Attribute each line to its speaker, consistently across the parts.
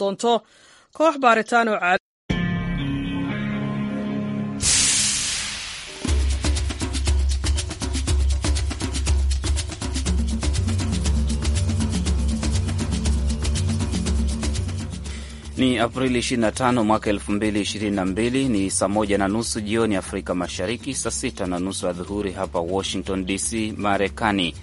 Speaker 1: doonto koox baaritaan oo
Speaker 2: ni Aprili 25 mwaka 2022. Ni saa moja na nusu jioni Afrika Mashariki, saa sita na nusu adhuhuri hapa Washington DC, Marekani.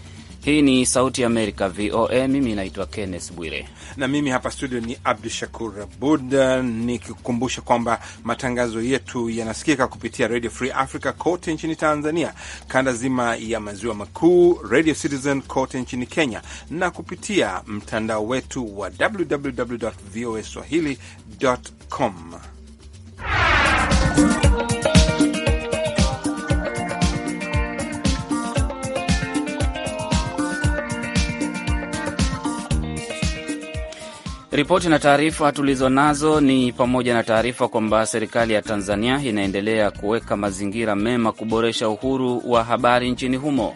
Speaker 3: Hii ni Sauti ya Amerika, VOA. Mimi naitwa Kenneth Bwire na mimi hapa studio ni Abdu Shakur Abud, nikikukumbusha kwamba matangazo yetu yanasikika kupitia Radio Free Africa kote nchini Tanzania, kanda zima ya maziwa makuu, Radio Citizen kote nchini Kenya, na kupitia mtandao wetu wa www voa swahili com
Speaker 2: Ripoti na taarifa tulizo nazo ni pamoja na taarifa kwamba serikali ya Tanzania inaendelea kuweka mazingira mema kuboresha uhuru wa habari nchini humo.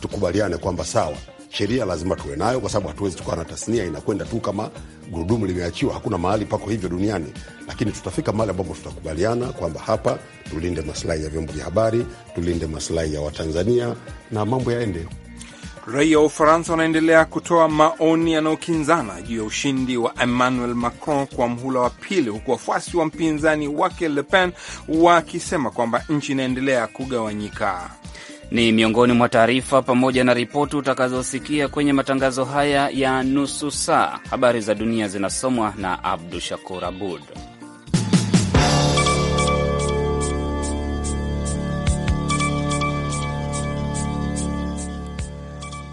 Speaker 4: Tukubaliane kwamba sawa, sheria lazima tuwe nayo, kwa sababu hatuwezi tukawa na tasnia inakwenda tu kama gurudumu limeachiwa, hakuna mahali pako hivyo duniani. Lakini tutafika mahali ambapo tutakubaliana kwamba hapa tulinde maslahi ya vyombo vya habari, tulinde maslahi ya Watanzania na mambo yaende.
Speaker 3: Raia wa Ufaransa wanaendelea kutoa maoni yanayokinzana juu ya ushindi wa Emmanuel Macron kwa mhula wa pili, huku wafuasi wa mpinzani wake Le Pen wakisema kwamba nchi inaendelea kugawanyika.
Speaker 2: Ni miongoni mwa taarifa pamoja na ripoti utakazosikia kwenye matangazo haya ya nusu saa. Habari za dunia zinasomwa na Abdu Shakur Abud.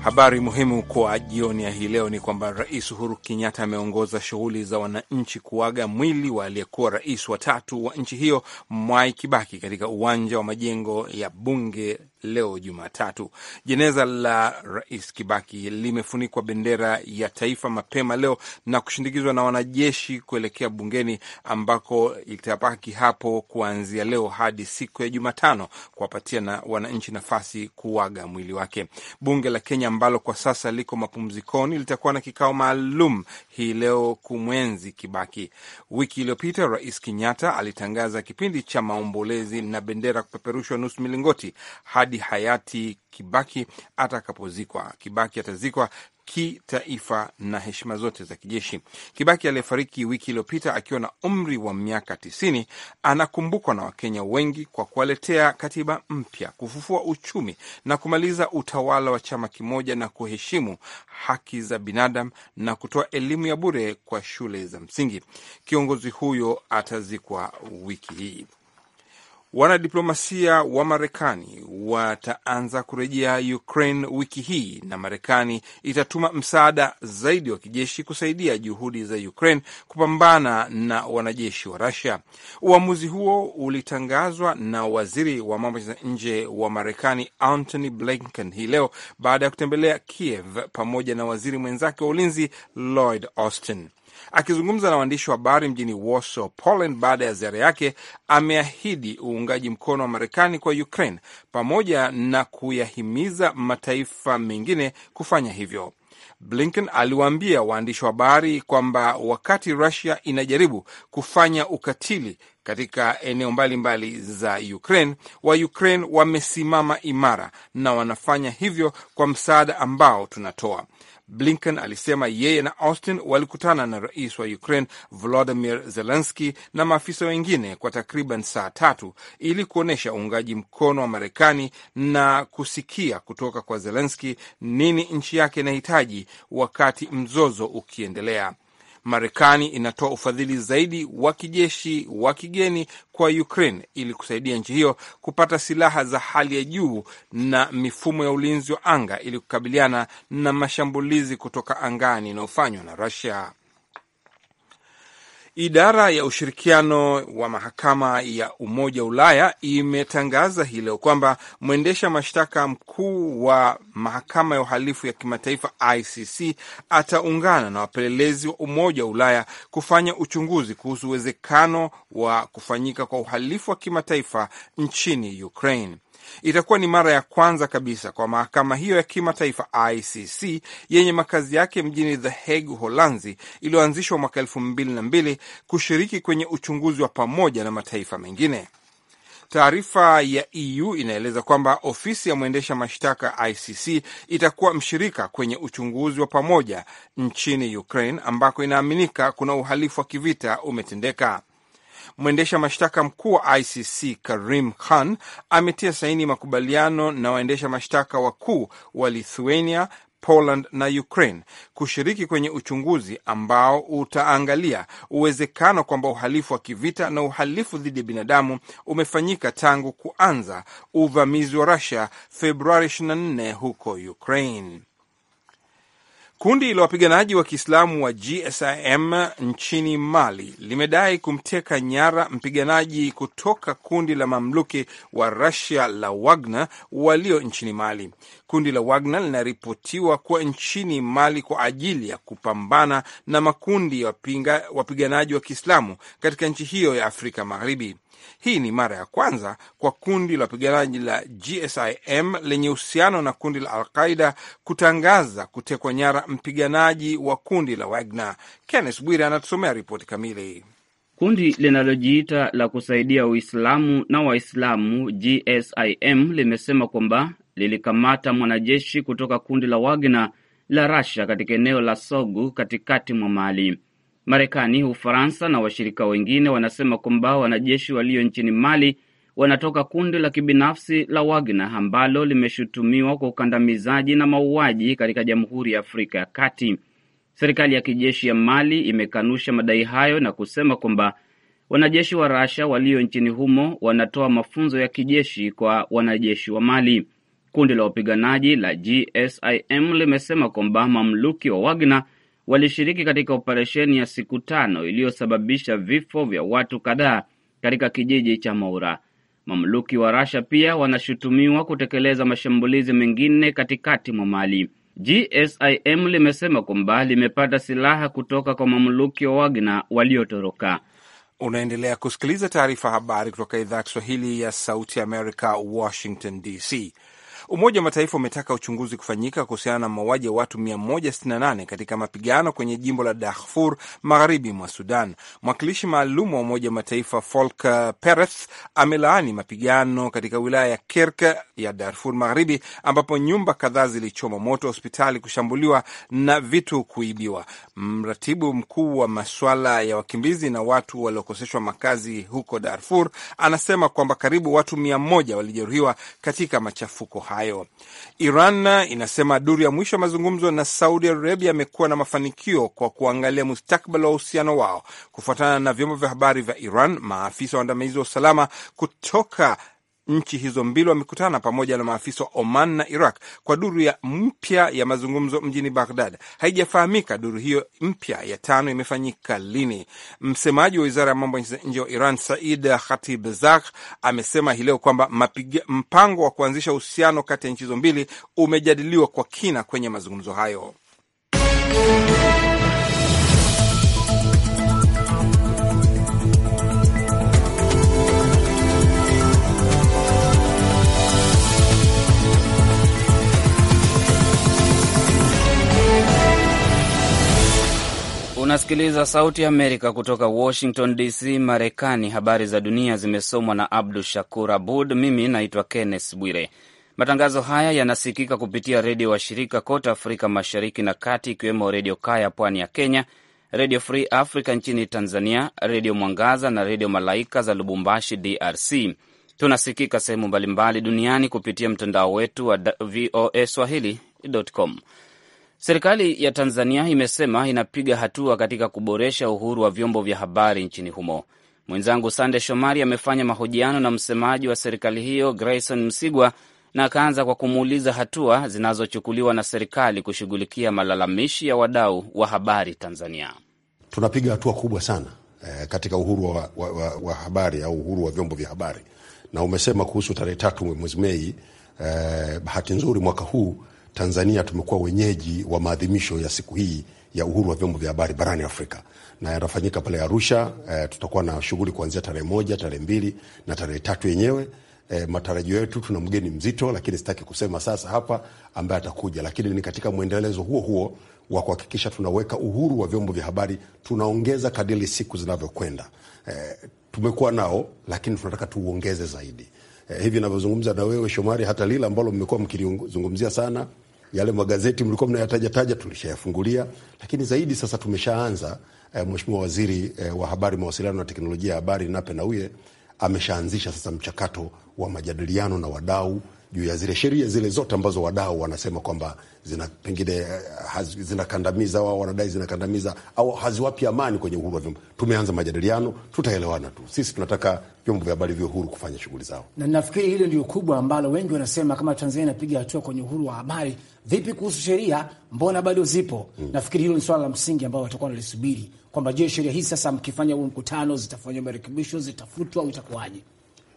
Speaker 3: Habari muhimu kwa jioni ya hii leo ni kwamba Rais Uhuru Kenyatta ameongoza shughuli za wananchi kuaga mwili wa aliyekuwa rais wa tatu wa nchi hiyo Mwai Kibaki katika uwanja wa majengo ya bunge leo Jumatatu. Jeneza la Rais Kibaki limefunikwa bendera ya taifa mapema leo na kushindikizwa na wanajeshi kuelekea bungeni ambako itabaki hapo kuanzia leo hadi siku ya Jumatano kuwapatia na wananchi nafasi kuaga mwili wake. Bunge la Kenya ambalo kwa sasa liko mapumzikoni litakuwa na kikao maalum hii leo kumwenzi Kibaki. Wiki iliyopita Rais Kenyatta alitangaza kipindi cha maombolezi na bendera kupeperushwa nusu milingoti hadi hadi hayati Kibaki atakapozikwa. Kibaki atazikwa kitaifa na heshima zote za kijeshi. Kibaki aliyefariki wiki iliyopita akiwa na umri wa miaka tisini anakumbukwa na Wakenya wengi kwa kuwaletea katiba mpya, kufufua uchumi na kumaliza utawala wa chama kimoja na kuheshimu haki za binadamu na kutoa elimu ya bure kwa shule za msingi. Kiongozi huyo atazikwa wiki hii. Wanadiplomasia wa Marekani wataanza kurejea Ukraine wiki hii na Marekani itatuma msaada zaidi wa kijeshi kusaidia juhudi za Ukraine kupambana na wanajeshi wa rasia Uamuzi huo ulitangazwa na waziri wa mambo ya nje wa Marekani Antony Blinken hii leo baada ya kutembelea Kiev pamoja na waziri mwenzake wa ulinzi Lloyd Austin. Akizungumza na waandishi wa habari mjini Warsaw, Poland, baada ya ziara yake, ameahidi uungaji mkono wa Marekani kwa Ukraine pamoja na kuyahimiza mataifa mengine kufanya hivyo. Blinken aliwaambia waandishi wa habari kwamba wakati Rusia inajaribu kufanya ukatili katika eneo mbalimbali mbali za Ukraine, wa Ukraine wamesimama imara na wanafanya hivyo kwa msaada ambao tunatoa. Blinken alisema yeye na Austin walikutana na rais wa Ukraine Volodymyr Zelensky na maafisa wengine kwa takriban saa tatu ili kuonyesha uungaji mkono wa Marekani na kusikia kutoka kwa Zelensky nini nchi yake inahitaji wakati mzozo ukiendelea. Marekani inatoa ufadhili zaidi wa kijeshi wa kigeni kwa Ukraine ili kusaidia nchi hiyo kupata silaha za hali ya juu na mifumo ya ulinzi wa anga ili kukabiliana na mashambulizi kutoka angani inayofanywa na Russia. Idara ya ushirikiano wa mahakama ya Umoja wa Ulaya imetangaza hii leo kwamba mwendesha mashtaka mkuu wa mahakama ya uhalifu ya kimataifa ICC ataungana na wapelelezi wa Umoja wa Ulaya kufanya uchunguzi kuhusu uwezekano wa kufanyika kwa uhalifu wa kimataifa nchini Ukraine. Itakuwa ni mara ya kwanza kabisa kwa mahakama hiyo ya kimataifa ICC yenye makazi yake mjini The Hague, holanzi iliyoanzishwa mwaka elfu mbili na mbili kushiriki kwenye uchunguzi wa pamoja na mataifa mengine. Taarifa ya EU inaeleza kwamba ofisi ya mwendesha mashtaka ICC itakuwa mshirika kwenye uchunguzi wa pamoja nchini Ukraine ambako inaaminika kuna uhalifu wa kivita umetendeka. Mwendesha mashtaka mkuu wa ICC Karim Khan ametia saini makubaliano na waendesha mashtaka wakuu wa Lithuania, Poland na Ukraine kushiriki kwenye uchunguzi ambao utaangalia uwezekano kwamba uhalifu wa kivita na uhalifu dhidi ya binadamu umefanyika tangu kuanza uvamizi wa Russia Februari 24 huko Ukraine. Kundi la wapiganaji wa Kiislamu wa GSIM nchini Mali limedai kumteka nyara mpiganaji kutoka kundi la mamluki wa rasia la Wagner walio nchini Mali. Kundi la Wagner linaripotiwa kuwa nchini Mali kwa ajili ya kupambana na makundi ya wapiganaji wa Kiislamu katika nchi hiyo ya Afrika Magharibi. Hii ni mara ya kwanza kwa kundi la wapiganaji la GSIM lenye uhusiano na kundi la Alqaida kutangaza kutekwa nyara mpiganaji wa kundi la Wagner. Kenneth Bwire anatusomea ripoti kamili. Kundi linalojiita la kusaidia Uislamu na Waislamu
Speaker 2: GSIM limesema kwamba lilikamata mwanajeshi kutoka kundi la Wagner la rasia katika eneo la Sogu katikati mwa Mali. Marekani, Ufaransa na washirika wengine wanasema kwamba wanajeshi walio nchini Mali wanatoka kundi la kibinafsi la Wagner ambalo limeshutumiwa kwa ukandamizaji na mauaji katika Jamhuri ya Afrika ya Kati. Serikali ya kijeshi ya Mali imekanusha madai hayo na kusema kwamba wanajeshi wa Rasha walio nchini humo wanatoa mafunzo ya kijeshi kwa wanajeshi wa Mali. Kundi la wapiganaji la GSIM limesema kwamba mamluki wa Wagner walishiriki katika operesheni ya siku tano iliyosababisha vifo vya watu kadhaa katika kijiji cha Moura. Mamluki wa Rasha pia wanashutumiwa kutekeleza mashambulizi mengine katikati mwa Mali. GSIM limesema kwamba limepata silaha kutoka kwa mamluki wa wagna
Speaker 3: waliotoroka. Unaendelea kusikiliza taarifa habari kutoka idhaa ya Kiswahili ya Sauti Amerika, Washington DC. Umoja wa Mataifa umetaka uchunguzi kufanyika kuhusiana na mauaji ya watu 168 katika mapigano kwenye jimbo la Darfur magharibi mwa Sudan. Mwakilishi maalum wa Umoja wa Mataifa Volker Perthes amelaani mapigano katika wilaya ya Kirk ya Darfur magharibi ambapo nyumba kadhaa zilichoma moto, hospitali kushambuliwa na vitu kuibiwa. Mratibu mkuu wa masuala ya wakimbizi na watu waliokoseshwa makazi huko Darfur anasema kwamba karibu watu mia moja walijeruhiwa katika machafuko haya hayo. Iran inasema duru ya mwisho ya mazungumzo na Saudi Arabia amekuwa na mafanikio kwa kuangalia mustakbali wa uhusiano wao. Kufuatana na vyombo vya habari vya Iran, maafisa waandamizi wa usalama kutoka Nchi hizo mbili wamekutana pamoja na maafisa wa Oman na Iraq kwa duru ya mpya ya mazungumzo mjini Baghdad. Haijafahamika duru hiyo mpya ya tano imefanyika lini. Msemaji wa wizara ya mambo ya nje wa Iran, Said Khatibzadeh, amesema hii leo kwamba mpango wa kuanzisha uhusiano kati ya nchi hizo mbili umejadiliwa kwa kina kwenye mazungumzo hayo.
Speaker 2: Unasikiliza Sauti ya Amerika kutoka Washington DC, Marekani. Habari za dunia zimesomwa na Abdu Shakur Abud. Mimi naitwa Kenneth Bwire. Matangazo haya yanasikika kupitia redio washirika kote Afrika Mashariki na Kati, ikiwemo Redio Kaya pwani ya Kenya, Redio Free Africa nchini Tanzania, Redio Mwangaza na Redio Malaika za Lubumbashi, DRC. Tunasikika sehemu mbalimbali duniani kupitia mtandao wetu wa voa swahili.com. Serikali ya Tanzania imesema inapiga hatua katika kuboresha uhuru wa vyombo vya habari nchini humo. Mwenzangu Sande Shomari amefanya mahojiano na msemaji wa serikali hiyo Grayson Msigwa na akaanza kwa kumuuliza hatua zinazochukuliwa na serikali kushughulikia malalamishi ya wadau wa habari Tanzania.
Speaker 4: Tunapiga hatua kubwa sana eh, katika uhuru wa, wa, wa, wa habari au uhuru wa vyombo vya habari, na umesema kuhusu tarehe tatu mwezi Mei. Eh, bahati nzuri mwaka huu Tanzania tumekuwa wenyeji wa maadhimisho ya siku hii ya uhuru wa vyombo vya habari barani Afrika na yatafanyika pale Arusha. E, tutakuwa na shughuli kuanzia tarehe moja, tarehe mbili na tarehe tatu yenyewe. E, matarajio yetu tuna mgeni mzito, lakini sitaki kusema sasa hapa ambaye atakuja, lakini ni katika mwendelezo huo huo wa kuhakikisha tunaweka uhuru wa vyombo vya habari, tunaongeza kadiri siku zinavyokwenda. E, tumekuwa nao lakini tunataka tuuongeze zaidi. E, hivi navyozungumza na wewe Shomari, hata lile ambalo mmekuwa mkilizungumzia sana yale magazeti mlikuwa mnayatajataja tulishayafungulia, lakini zaidi sasa tumeshaanza eh, Mheshimiwa Waziri eh, wa Habari, Mawasiliano na Teknolojia ya Habari Nape Nnauye ameshaanzisha sasa mchakato wa majadiliano na wadau juu ya zile sheria zile zote ambazo wadau wanasema kwamba zina pengine eh, zinakandamiza wao wanadai zinakandamiza au haziwapi amani kwenye uhuru wa vyombo. Tumeanza majadiliano, tutaelewana tu. Sisi tunataka vyombo vya habari viwe huru kufanya shughuli zao,
Speaker 5: na nafikiri hilo ndio kubwa ambalo wengi wanasema, kama Tanzania inapiga hatua kwenye uhuru wa habari, vipi kuhusu sheria? Mbona bado zipo? Hmm. Nafikiri hilo ni swala la msingi ambao watakuwa wanalisubiri kwamba, je, sheria hii sasa mkifanya huu mkutano zitafanywa marekebisho, zitafutwa au itakuwaje?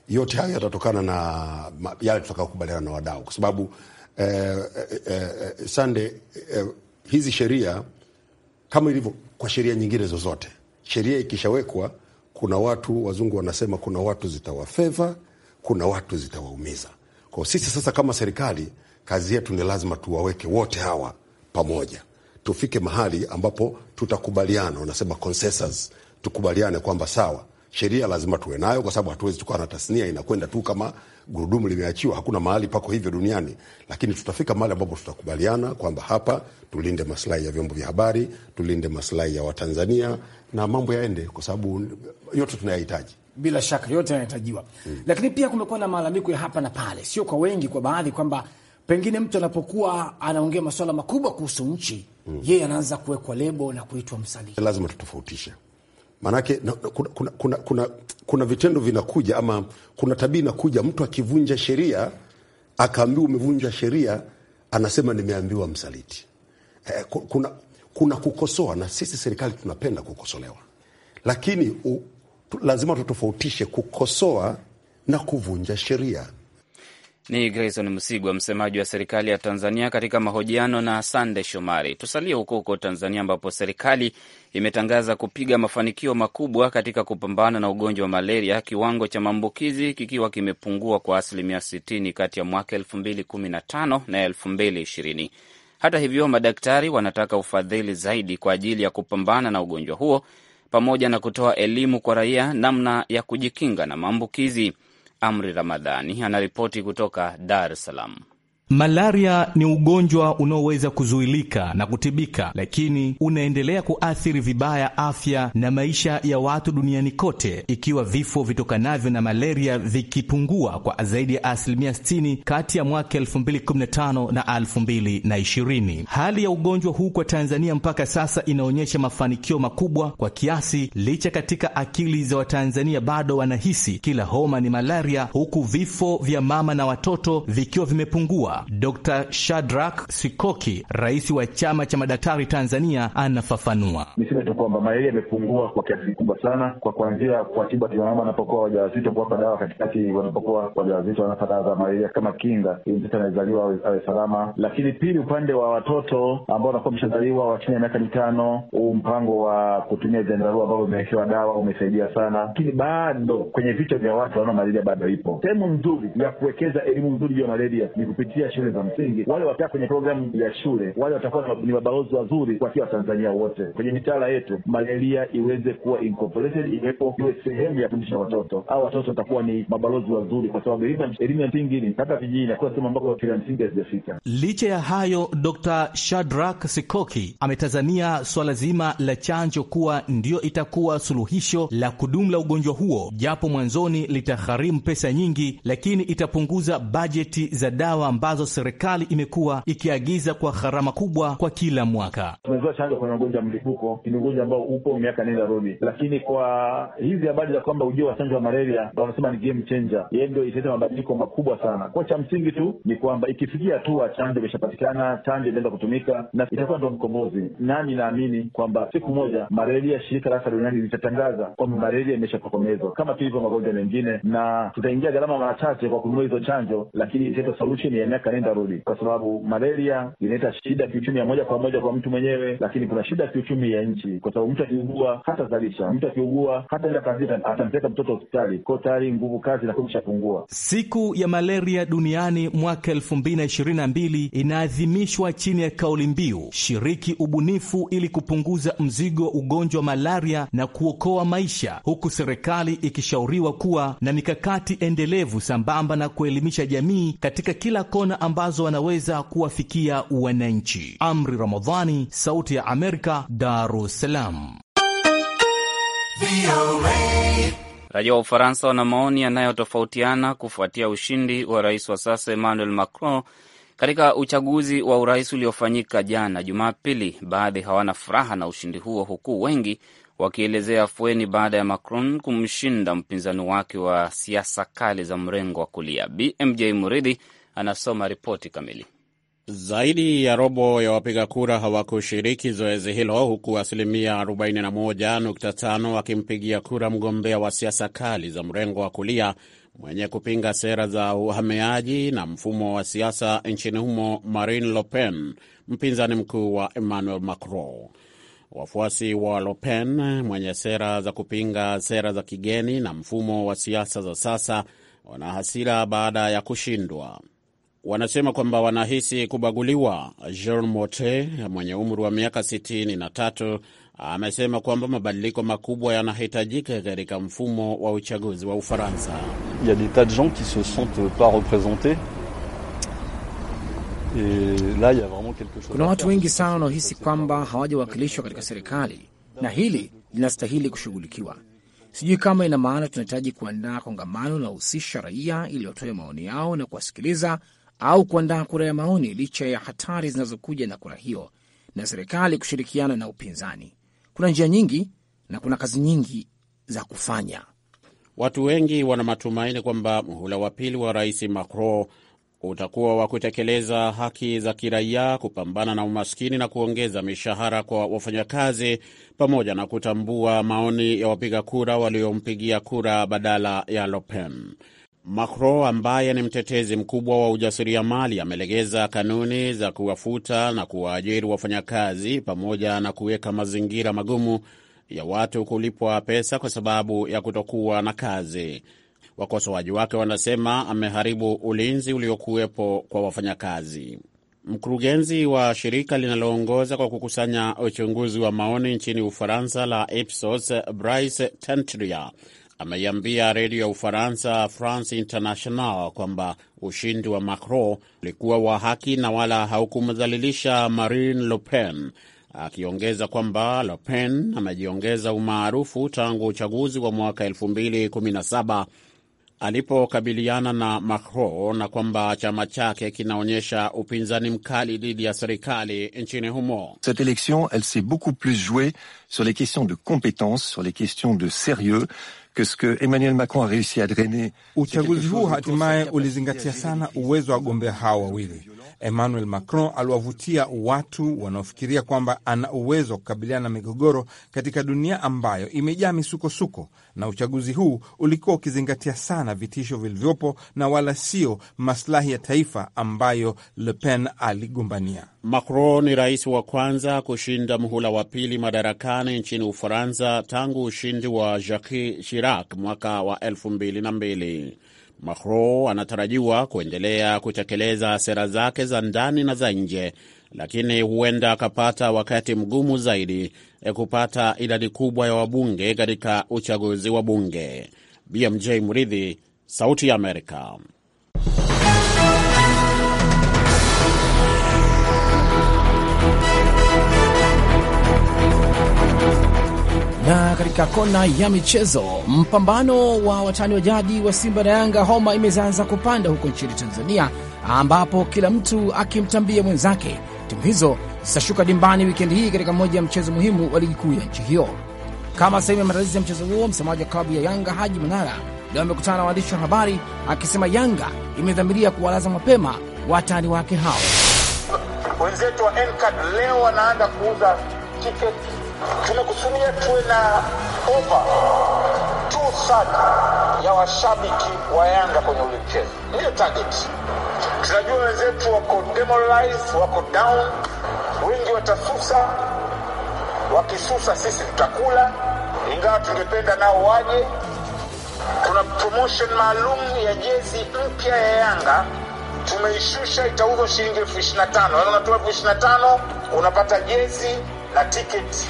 Speaker 4: Yote hayo yatatokana na yale tutakaokubaliana na wadau, kwa sababu eh, eh, eh, eh, sande eh, hizi sheria kama ilivyo kwa sheria nyingine zozote, sheria ikishawekwa, kuna watu wazungu wanasema kuna watu zitawafeva, kuna watu zitawaumiza. Kwao sisi sasa kama serikali, kazi yetu ni lazima tuwaweke wote hawa pamoja, tufike mahali ambapo tutakubaliana, wanasema consensus, tukubaliane kwamba sawa sheria lazima tuwe nayo, kwa sababu hatuwezi tukawa na tasnia inakwenda tu kama gurudumu limeachiwa. Hakuna mahali pako hivyo duniani, lakini tutafika mahali ambapo tutakubaliana kwamba hapa tulinde maslahi ya vyombo vya habari, tulinde maslahi ya Watanzania na mambo yaende, kwa sababu yote tunayahitaji. Bila
Speaker 5: shaka yote yanahitajiwa mm. Lakini pia kumekuwa na malalamiko ya hapa na pale, sio kwa wengi, kwa baadhi, kwamba pengine mtu anapokuwa anaongea masuala makubwa kuhusu nchi mm. yeye anaanza kuwekwa lebo na kuitwa msanii.
Speaker 4: Lazima tutofautishe maanake kuna, kuna, kuna, kuna, kuna vitendo vinakuja ama kuna tabia inakuja, mtu akivunja sheria akaambiwa umevunja sheria, anasema nimeambiwa msaliti. Eh, kuna, kuna kukosoa, na sisi serikali tunapenda kukosolewa, lakini u, lazima tutofautishe kukosoa na kuvunja sheria.
Speaker 2: Ni Grayson Msigwa, msemaji wa serikali ya Tanzania, katika mahojiano na Sande Shomari. Tusalie huko huko Tanzania, ambapo serikali imetangaza kupiga mafanikio makubwa katika kupambana na ugonjwa wa malaria, kiwango cha maambukizi kikiwa kimepungua kwa asilimia 60 kati ya mwaka 2015 na 2020. Hata hivyo, madaktari wanataka ufadhili zaidi kwa ajili ya kupambana na ugonjwa huo pamoja na kutoa elimu kwa raia namna ya kujikinga na maambukizi. Amri Ramadhani anaripoti kutoka Dar es Salaam.
Speaker 6: Malaria ni ugonjwa unaoweza kuzuilika na kutibika, lakini unaendelea kuathiri vibaya afya na maisha ya watu duniani kote, ikiwa vifo vitokanavyo na malaria vikipungua kwa zaidi ya asilimia 60 kati ya mwaka 2015 na 2020. Hali ya ugonjwa huu kwa Tanzania mpaka sasa inaonyesha mafanikio makubwa kwa kiasi, licha katika akili za Watanzania bado wanahisi kila homa ni malaria, huku vifo vya mama na watoto vikiwa vimepungua Dr. Shadrack Sikoki, rais wa chama cha madaktari Tanzania, anafafanua.
Speaker 7: Niseme tu kwamba malaria yamepungua kwa kiasi kikubwa sana, kwa kuanzia kuwatibu akina mama wanapokuwa wajawazito, kuwapa dawa katikati, wanapokuwa wajawazito wanapa dawa za malaria kama kinga, ili mtoto anayezaliwa awe salama. Lakini pili, upande wa watoto ambao wanakuwa wameshazaliwa wa chini ya miaka mitano, huu mpango wa kutumia vyandarua ambavyo vimewekewa dawa umesaidia sana, lakini bado kwenye vichwa vya watu wanaona malaria bado ipo. Sehemu nzuri ya kuwekeza elimu nzuri juu ya malaria ni kupitia kupitia shule za msingi. Wale wataa kwenye programu ya shule, wale watakuwa ni mabalozi wazuri kwa kila Watanzania wote. Kwenye mitaala yetu malaria iweze kuwa incorporated, iwepo iwe sehemu ya kufundisha watoto au watoto watakuwa ni mabalozi wazuri, kwa sababu elimu ya msingi hata vijijini inakuwa sehemu ambako shule ya msingi hazijafika.
Speaker 6: Licha ya hayo, Dr. Shadrack Sikoki ametazamia swala zima la chanjo kuwa ndiyo itakuwa suluhisho la kudumu la ugonjwa huo, japo mwanzoni litagharimu pesa nyingi, lakini itapunguza bajeti za dawa ambazo ambazo serikali imekuwa ikiagiza kwa gharama kubwa kwa kila mwaka.
Speaker 7: Tumezua chanjo kwenye ugonjwa mlipuko, ni ugonjwa ambao upo miaka nenda rudi, lakini kwa hizi habari za kwamba ujio wa chanjo ya malaria wanasema ni game changer, yeye ndio italeta mabadiliko makubwa sana. Kwa cha msingi tu ni kwamba ikifikia hatua chanjo imeshapatikana, chanjo inaenda kutumika na itakuwa ndo mkombozi, nami naamini kwamba siku moja malaria, shirika la afya duniani litatangaza kwamba malaria imeshatokomezwa kama tulivyo magonjwa mengine, na tutaingia gharama mara chache kwa kununua hizo chanjo, lakini italeta solution ya miaka nikaenda rudi, kwa sababu malaria inaleta shida kiuchumi ya moja kwa moja kwa mtu mwenyewe, lakini kuna shida ya kiuchumi ya nchi, kwa sababu mtu akiugua hatazalisha, mtu akiugua hataenda kazi atampeleka mtoto hospitali ko tayari nguvu kazi inakuwa imeshapungua.
Speaker 6: Siku ya malaria duniani mwaka elfu mbili na ishirini na mbili inaadhimishwa chini ya kauli mbiu shiriki ubunifu ili kupunguza mzigo wa ugonjwa wa malaria na kuokoa maisha, huku serikali ikishauriwa kuwa na mikakati endelevu sambamba na kuelimisha jamii katika kila kona ambazo wanaweza kuwafikia wananchi. Amri Ramadhani, Sauti ya Amerika, Dar es Salaam.
Speaker 2: Raia wa Ufaransa wana maoni yanayotofautiana kufuatia ushindi wa rais wa sasa Emmanuel Macron katika uchaguzi wa urais uliofanyika jana Jumapili. Baadhi hawana furaha na ushindi huo, huku wengi wakielezea afueni baada ya Macron kumshinda mpinzani wake wa siasa kali za mrengo wa kulia. BMJ Muridhi anasoma ripoti kamili.
Speaker 8: Zaidi ya robo ya wapiga kura hawakushiriki zoezi hilo, huku asilimia 41.5 wakimpigia kura mgombea wa siasa kali za mrengo wa kulia mwenye kupinga sera za uhamiaji na mfumo wa siasa nchini humo, Marine Le Pen, mpinzani mkuu wa Emmanuel Macron. Wafuasi wa Le Pen mwenye sera za kupinga sera za kigeni na mfumo wa siasa za sasa wana hasira baada ya kushindwa wanasema kwamba wanahisi kubaguliwa. Jean Mote mwenye umri wa miaka 63 amesema kwamba mabadiliko makubwa yanahitajika katika mfumo wa uchaguzi wa Ufaransa.
Speaker 6: y a des tas de gens qui se pas representés là y a vraiment quelque chose. Kuna watu
Speaker 5: wengi sana wanaohisi kwamba hawajawakilishwa katika serikali na hili linastahili kushughulikiwa. Sijui kama ina maana tunahitaji kuandaa kongamano linalohusisha raia ili watoe maoni yao na kuwasikiliza au kuandaa kura ya maoni licha ya hatari zinazokuja na kura hiyo, na serikali kushirikiana na upinzani. Kuna njia nyingi na kuna kazi nyingi za kufanya.
Speaker 8: Watu wengi wana matumaini kwamba mhula wa pili wa Rais Macron utakuwa wa kutekeleza haki za kiraia, kupambana na umaskini na kuongeza mishahara kwa wafanyakazi, pamoja na kutambua maoni ya wapiga kura waliompigia kura badala ya Le Pen. Macron ambaye ni mtetezi mkubwa wa ujasiriamali amelegeza kanuni za kuwafuta na kuwaajiri wafanyakazi pamoja na kuweka mazingira magumu ya watu kulipwa pesa kwa sababu ya kutokuwa na kazi. Wakosoaji wake wanasema ameharibu ulinzi uliokuwepo kwa wafanyakazi. Mkurugenzi wa shirika linaloongoza kwa kukusanya uchunguzi wa maoni nchini Ufaransa la Ipsos, Brice Tentria, ameiambia redio ya Ufaransa France International kwamba ushindi wa Macron ulikuwa wa haki na wala haukumdhalilisha Marine Le Pen, akiongeza kwamba Le Pen amejiongeza umaarufu tangu uchaguzi wa mwaka 2017 alipokabiliana na Macron na kwamba chama chake kinaonyesha upinzani mkali dhidi ya serikali nchini
Speaker 3: humo. Cette election elle s'est beaucoup plus jouée sur les questions de compétences, sur les questions de sérieux Uchaguzi huu hatimaye ulizingatia sana uwezo wa wagombea hao wawili. Emmanuel Macron aliwavutia watu wanaofikiria kwamba ana uwezo wa kukabiliana na migogoro katika dunia ambayo imejaa misukosuko, na uchaguzi huu ulikuwa ukizingatia sana vitisho vilivyopo na wala sio maslahi ya taifa ambayo Le Pen aligombania. Macron ni rais
Speaker 8: wa kwanza kushinda mhula wa pili madarakani nchini Ufaransa tangu ushindi wa Jacques Chirac Iraq mwaka wa 2002. Macron anatarajiwa kuendelea kutekeleza sera zake za ndani na za nje, lakini huenda akapata wakati mgumu zaidi ya eh, kupata idadi kubwa ya wabunge katika uchaguzi wa bunge. BMJ Mridhi, Sauti ya Amerika.
Speaker 5: Na katika kona ya michezo, mpambano wa watani wa jadi wa Simba na Yanga, homa imezaanza kupanda huko nchini Tanzania, ambapo kila mtu akimtambia mwenzake. Timu hizo zitashuka dimbani wikendi hii katika mmoja ya mchezo muhimu wa ligi kuu ya nchi hiyo. Kama sehemu ya maandalizi ya mchezo huo, msemaji wa klabu ya Yanga Haji Manara leo amekutana na waandishi wa habari akisema Yanga imedhamiria kuwalaza mapema watani wake hao.
Speaker 8: Wenzetu wa NCAD
Speaker 3: leo wanaanza kuuza tiketi Tunakusudia tuwe na ova two ya washabiki wa Yanga kwenye ule mchezo, ndio
Speaker 8: target. Tunajua wenzetu wako demoralized, wako down, wengi watasusa. Wakisusa sisi tutakula, ingawa tungependa nao waje. Kuna promotion maalum ya jezi mpya ya Yanga tumeishusha, itauzwa shilingi elfu ishirini na tano. unatoa elfu ishirini na tano unapata jezi na tiketi.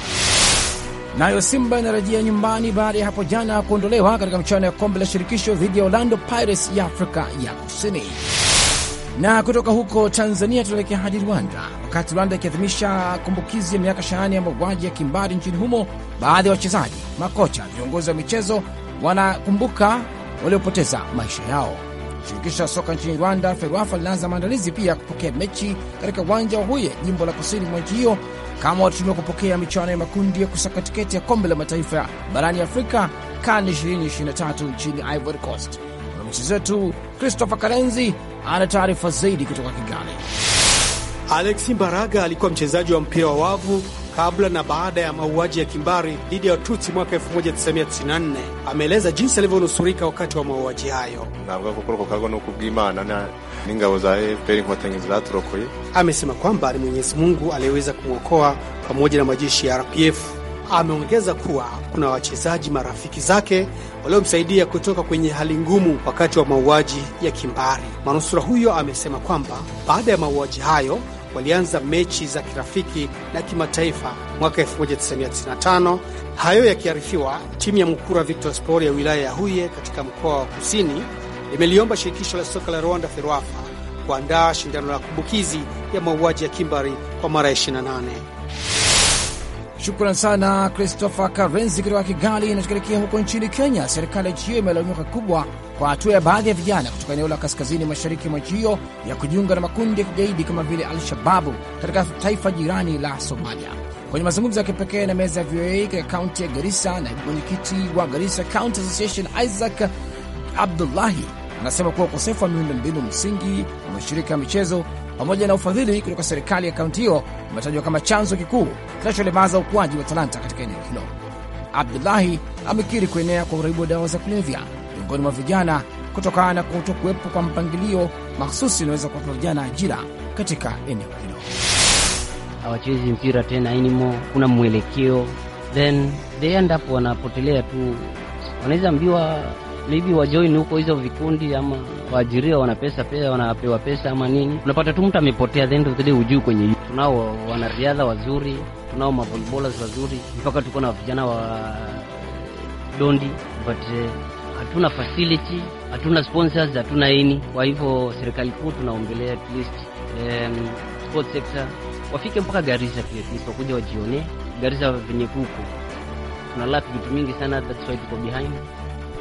Speaker 5: Nayo Simba inarejea nyumbani baada ya hapo jana kuondolewa katika michuano ya kombe la shirikisho dhidi ya Orlando Pirates ya Afrika ya Kusini. Na kutoka huko Tanzania tunaelekea hadi Rwanda, wakati Rwanda ikiadhimisha kumbukizi ya miaka ishirini ya mauaji ya kimbari nchini humo. Baadhi ya wachezaji, makocha, viongozi wa michezo wanakumbuka waliopoteza maisha yao. Shirikisho la soka nchini Rwanda, FERWAFA, linaanza maandalizi pia kupokea mechi katika uwanja wa Huye, jimbo la kusini mwa nchi hiyo, kama watutumiwa kupokea michuano ya makundi ya kusaka tiketi ya kombe la mataifa barani Afrika kani 2023 nchini Ivory Coast. Mwanamichezo wetu Christopher Karenzi ana taarifa zaidi kutoka Kigali.
Speaker 6: Alexi Mbaraga alikuwa mchezaji wa mpira wa wavu kabla na baada ya mauaji ya kimbari dhidi ya Watutsi mwaka 1994. Ameeleza jinsi alivyonusurika wakati wa mauaji hayo. Amesema kwamba ni Mwenyezi Mungu aliyeweza kumwokoa pamoja na majeshi ya RPF. Ameongeza kuwa kuna wachezaji marafiki zake waliomsaidia kutoka kwenye hali ngumu wakati wa mauaji ya kimbari. Manusura huyo amesema kwamba baada ya mauaji hayo walianza mechi za kirafiki na kimataifa mwaka 1995. Hayo yakiarifiwa, timu ya Mukura Victor Sport ya wilaya ya Huye katika mkoa wa Kusini imeliomba shirikisho la soka la Rwanda FERWAFA kuandaa shindano la kumbukizi ya mauaji ya kimbari kwa mara ya 28.
Speaker 5: Shukran sana Christopher Karenzi kutoka Kigali. Inatukirekia huko nchini Kenya, serikali ya nchi hiyo imelaumiwa kikubwa kwa hatua ya baadhi ya vijana kutoka eneo la kaskazini mashariki mwa nchi hiyo ya kujiunga na makundi ya kigaidi kama vile Al-Shababu katika taifa jirani la Somalia. Kwenye mazungumzo ya kipekee na meza ya VOA katika kaunti ya garisa naibu mwenyekiti wa Garisa County Association Isaac Abdullahi anasema kuwa ukosefu wa miundo mbinu msingi wa mashirika ya michezo pamoja na ufadhili kutoka serikali ya kaunti hiyo umetajwa kama chanzo kikuu kinacholemaza ukuaji wa talanta katika eneo hilo. Abdullahi amekiri kuenea kwa uraibu wa dawa za kulevya miongoni mwa vijana kutokana na kuto kuwepo kwa mpangilio mahsusi inaweza kuwapa vijana ajira katika eneo hilo.
Speaker 2: Hawachezi mpira tena inimo, kuna mwelekeo, then they end up wanapotelea tu, wanaweza ambiwa Livi wajoin huko hizo vikundi, ama waajiriwa wana pesa pesa, wanapewa pesa ama nini, unapata tu mtu amepotea. Then day ujuu kwenye, tunao wanariadha wazuri, tunao mavolleyballers wazuri, mpaka tuko na vijana wa dondi, but eh, hatuna facility, hatuna sponsors, hatuna ini. Kwa hivyo serikali kuu tunaombelea at least um, sports sector wafike mpaka Garissa pia, wakuja wajione Garissa venye kuko tunalap vitu mingi sana, that's why tuko behind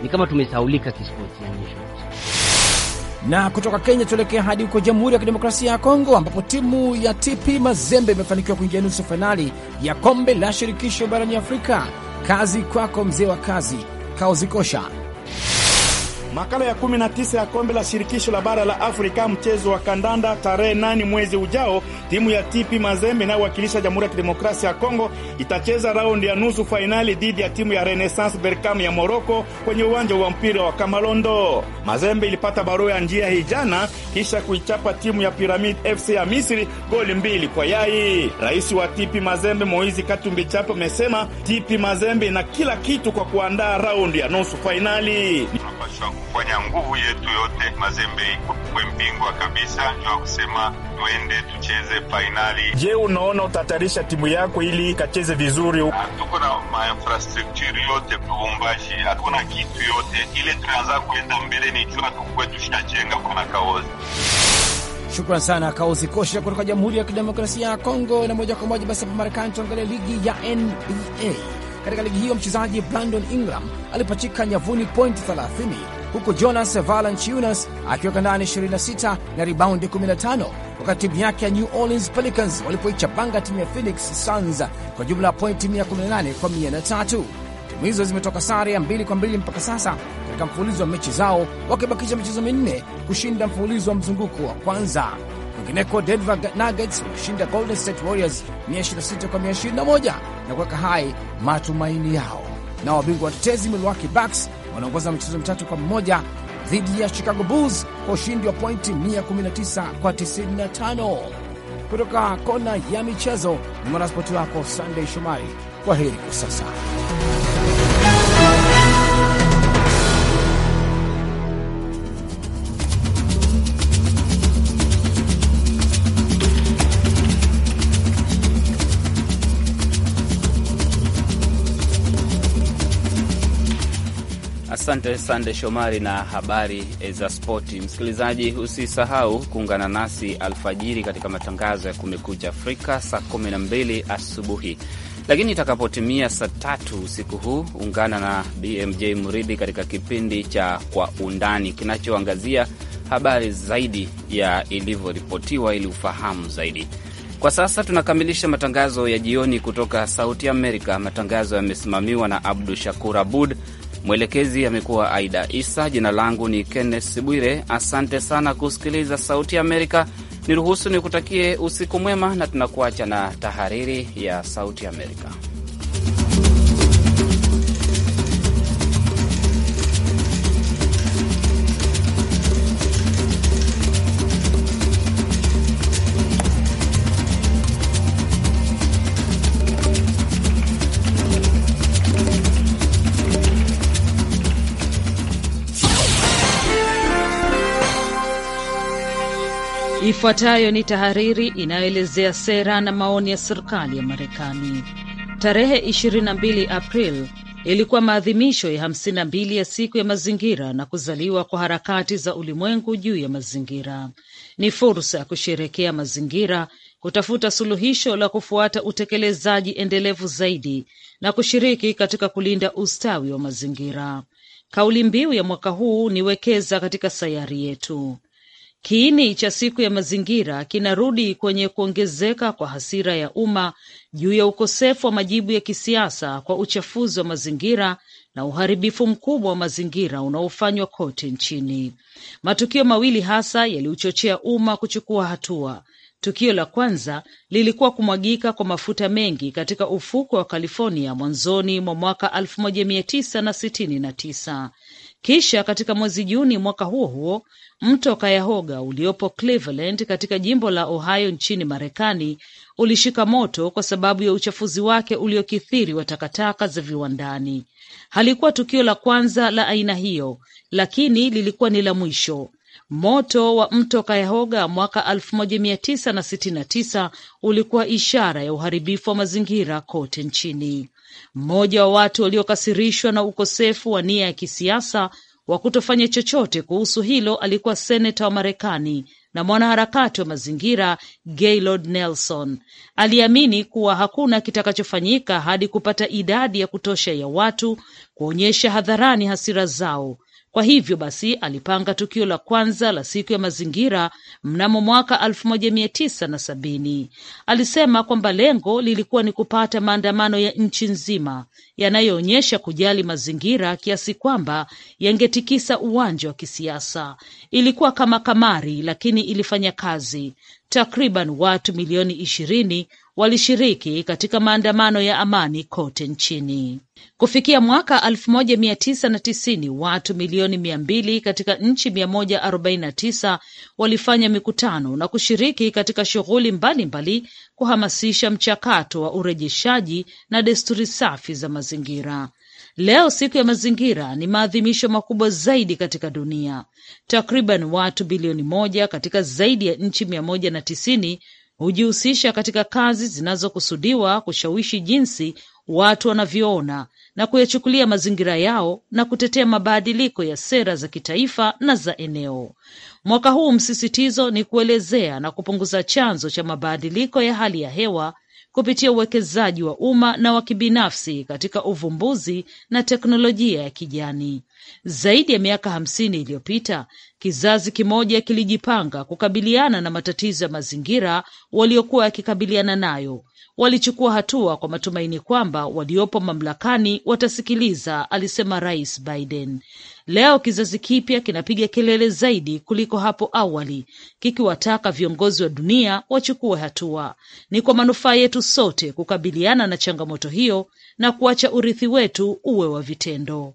Speaker 2: ni kama tumesaulika kispoti na kutoka
Speaker 5: Kenya tuelekea hadi huko Jamhuri ya Kidemokrasia ya Kongo ambapo timu ya TP Mazembe imefanikiwa kuingia nusu fainali ya kombe la shirikisho barani Afrika. Kazi kwako mzee wa kazi, kaozikosha Makala ya 19 ya kombe la shirikisho la bara
Speaker 6: la Afrika, mchezo wa kandanda tarehe nane mwezi ujao, timu ya TP Mazembe inayowakilisha Jamhuri ya Kidemokrasia ya Kongo itacheza raundi ya nusu fainali dhidi ya timu ya Renaissance Berkane ya Moroko kwenye uwanja wa mpira wa Kamalondo. Mazembe ilipata barua ya njia hii jana kisha kuichapa timu ya Pyramid FC ya Misri goli mbili kwa yai. Rais wa TP Mazembe Moizi Katumbi Chapo amesema TP Mazembe ina kila kitu kwa kuandaa raundi ya nusu fainali
Speaker 3: kufanya nguvu yetu yote Mazembe ikuwe mbingwa kabisa, juu kusema tuende tucheze fainali.
Speaker 7: Je, unaona utatarisha timu yako ili kacheze vizuri?
Speaker 3: Hatuko na mainfrastrukturi yote Lubumbashi, na kitu yote ile. Tunaanza kuenda mbele ni jua tukue tushajenga. Kuna
Speaker 4: Kaozi.
Speaker 5: Shukran sana Kaozi Kosha kutoka Jamhuri ya Kidemokrasia ya Kongo. Na moja kwa moja basi hapa Marekani tuangalia ligi ya NBA. Katika ligi hiyo mchezaji Brandon Ingram alipachika nyavuni point 30 huku Jonas Valanciunas akiweka ndani 26 na ribaundi 15 wakati timu yake ya New Orleans Pelicans walipoichapanga timu ya Phoenix Suns kwa jumla ya pointi 118 kwa 103. Timu hizo zimetoka sare ya 2 kwa 2 mpaka sasa katika mfululizo wa mechi zao, wakibakisha michezo minne kushinda mfululizo wa mzunguko wa kwanza. Kwingineko, Denver Nuggets walishinda Golden State Warriors 126 kwa 121 na kuweka hai matumaini yao, na wabingwa watetezi Milwaukee Bucks wanaongoza mchezo mitatu kwa mmoja dhidi ya Chicago Bulls kwa ushindi wa pointi 119 kwa 95. Kutoka kona ya michezo ni mwanaspoti wako sandey Shomari. Kwa heri kwa sasa.
Speaker 2: Asante Sande Shomari na habari eh, za spoti. Msikilizaji, usisahau kuungana nasi alfajiri katika matangazo ya Kumekucha Afrika saa 12 asubuhi, lakini itakapotimia saa tatu usiku huu ungana na BMJ Muridhi katika kipindi cha Kwa Undani kinachoangazia habari zaidi ya ilivyoripotiwa ili ufahamu zaidi. Kwa sasa tunakamilisha matangazo ya jioni kutoka Sauti Amerika. Matangazo yamesimamiwa na Abdu Shakur Abud. Mwelekezi amekuwa Aida Isa. Jina langu ni Kenneth Bwire. Asante sana kusikiliza Sauti ya Amerika. Niruhusu nikutakie usiku mwema, na tunakuacha na tahariri ya Sauti Amerika.
Speaker 1: Ifuatayo ni tahariri inayoelezea sera na maoni ya serikali ya Marekani. Tarehe 22 april ilikuwa maadhimisho ya 52 ya siku ya mazingira na kuzaliwa kwa harakati za ulimwengu juu ya mazingira. Ni fursa ya kusherekea mazingira, kutafuta suluhisho la kufuata utekelezaji endelevu zaidi na kushiriki katika kulinda ustawi wa mazingira. Kauli mbiu ya mwaka huu ni wekeza katika sayari yetu. Kiini cha siku ya mazingira kinarudi kwenye kuongezeka kwa hasira ya umma juu ya ukosefu wa majibu ya kisiasa kwa uchafuzi wa mazingira na uharibifu mkubwa wa mazingira unaofanywa kote nchini. Matukio mawili hasa yaliuchochea umma kuchukua hatua. Tukio la kwanza lilikuwa kumwagika kwa mafuta mengi katika ufukwe wa California mwanzoni mwa mwaka 1969 kisha katika mwezi Juni mwaka huo huo, mto kayahoga uliopo Cleveland katika jimbo la Ohio nchini Marekani ulishika moto kwa sababu ya uchafuzi wake uliokithiri wa takataka za viwandani. Halikuwa tukio la kwanza la aina hiyo, lakini lilikuwa ni la mwisho. Moto wa mto kayahoga mwaka 1969 ulikuwa ishara ya uharibifu wa mazingira kote nchini mmoja wa watu waliokasirishwa na ukosefu wa nia ya kisiasa wa kutofanya chochote kuhusu hilo alikuwa seneta wa Marekani na mwanaharakati wa mazingira Gaylord Nelson. Aliamini kuwa hakuna kitakachofanyika hadi kupata idadi ya kutosha ya watu kuonyesha hadharani hasira zao kwa hivyo basi alipanga tukio la kwanza la siku ya mazingira mnamo mwaka elfu moja mia tisa na sabini. Alisema kwamba lengo lilikuwa ni kupata maandamano ya nchi nzima yanayoonyesha kujali mazingira kiasi kwamba yangetikisa uwanja wa kisiasa. Ilikuwa kama kamari, lakini ilifanya kazi. Takriban watu milioni ishirini walishiriki katika maandamano ya amani kote nchini. Kufikia mwaka 1990 watu milioni mbili katika nchi 149 walifanya mikutano na kushiriki katika shughuli mbalimbali kuhamasisha mchakato wa urejeshaji na desturi safi za mazingira. Leo siku ya mazingira ni maadhimisho makubwa zaidi katika dunia. Takriban watu bilioni moja katika zaidi ya nchi mia moja na tisini hujihusisha katika kazi zinazokusudiwa kushawishi jinsi watu wanavyoona na kuyachukulia mazingira yao na kutetea mabadiliko ya sera za kitaifa na za eneo. Mwaka huu msisitizo ni kuelezea na kupunguza chanzo cha mabadiliko ya hali ya hewa kupitia uwekezaji wa umma na wa kibinafsi katika uvumbuzi na teknolojia ya kijani. Zaidi ya miaka hamsini iliyopita kizazi kimoja kilijipanga kukabiliana na matatizo ya mazingira waliokuwa yakikabiliana nayo. Walichukua hatua kwa matumaini kwamba waliopo mamlakani watasikiliza, alisema Rais Biden. Leo kizazi kipya kinapiga kelele zaidi kuliko hapo awali, kikiwataka viongozi wa dunia wachukue hatua. Ni kwa manufaa yetu sote kukabiliana na changamoto hiyo na kuacha urithi wetu uwe wa vitendo.